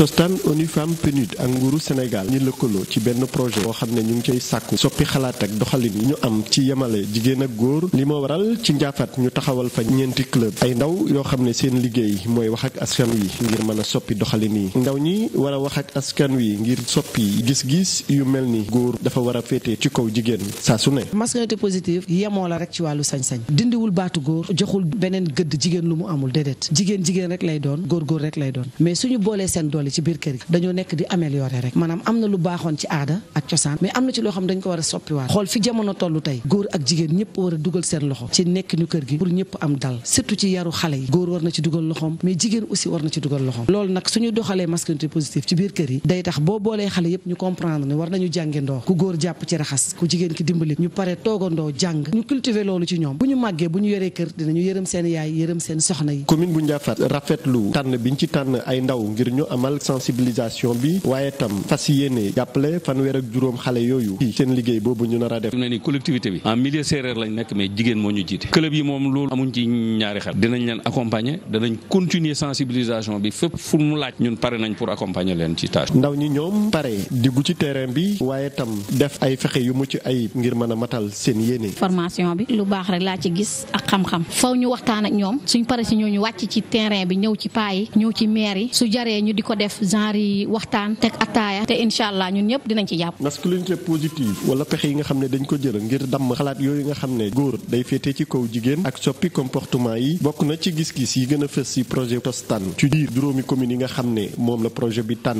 tostan ONU Femmes PNUD ak nguuru Sénégal ñu lëkkaloo ci benn projet boo xam ne ñu ngi cay sàkku soppi xalaat ak doxalin yi ñu am ci yemale jigéen ak góor li ma waral ci njaafaat ñu taxawal fa ñeenti club ay ndaw yoo xam ne seen liggéey mooy wax ak askan wi ngir mën a soppi doxalin yi ndaw ñi war a wax ak askan wi ngir soppi gis-gis yu mel ni góor dafa war a féete ci kaw jigéen saa su ne. masculinité positive yemoo la rek ci wàllu sañ-sañ dindiwul baatu góor joxul beneen gëdd jigéen lu mu amul déedéet jigéen jigéen rek lay doon góor lay doon yi ci biir kër gi dañoo nekk di améliorer rek maanaam am na lu baaxoon ci aada ak cosaan mais am na ci loo xam dañ ko war a soppiwaat xool fi jamono toll tey góor ak jigéen ñëpp war a dugal seen loxo ci nekk kër gi pour ñëpp am dal surtout ci yaru xale yi góor war na ci dugal loxoom mais jigéen aussi war na ci dugal loxoom loolu nag suñu doxalee masculinité positive ci biir kër yi day tax boo boolee xale yëpp ñu comprendre ne war nañu jàngandoo ku sensibilisation bi waaye tam fas yéene jàppale fanweer ak juróom xale yooyu ci seen liggéey boobu ñu nar a def. ne ni collectivité bi en milieu séeréer lañ nekk mais bi fépp fu mu laaj ñun pare nañ ci ay yu mucc ayib ngir mën a matal seen yéene. formation bi lu baax rek laa ci gis ak xam-xam faw ñu waxtaan ak ñoom suñ pare si ñooñu wàcc ci terrain bi ñëw ci paa ñëw ci maire su jaree ñu di ko def def genre yi waxtaan teg attaaya te incha allah ñun ñëpp dinañ ci jàpp. masculinité positive wala pexe yi nga xam ne dañ ko jël ngir damm xalaat yooyu nga xam ne góor day féete ci kaw jigéen ak soppi comportement yi bokk na ci gis-gis yi gën a fës si projet TOS ci biir juróomi commune yi nga xam ne moom la projet bi tànn.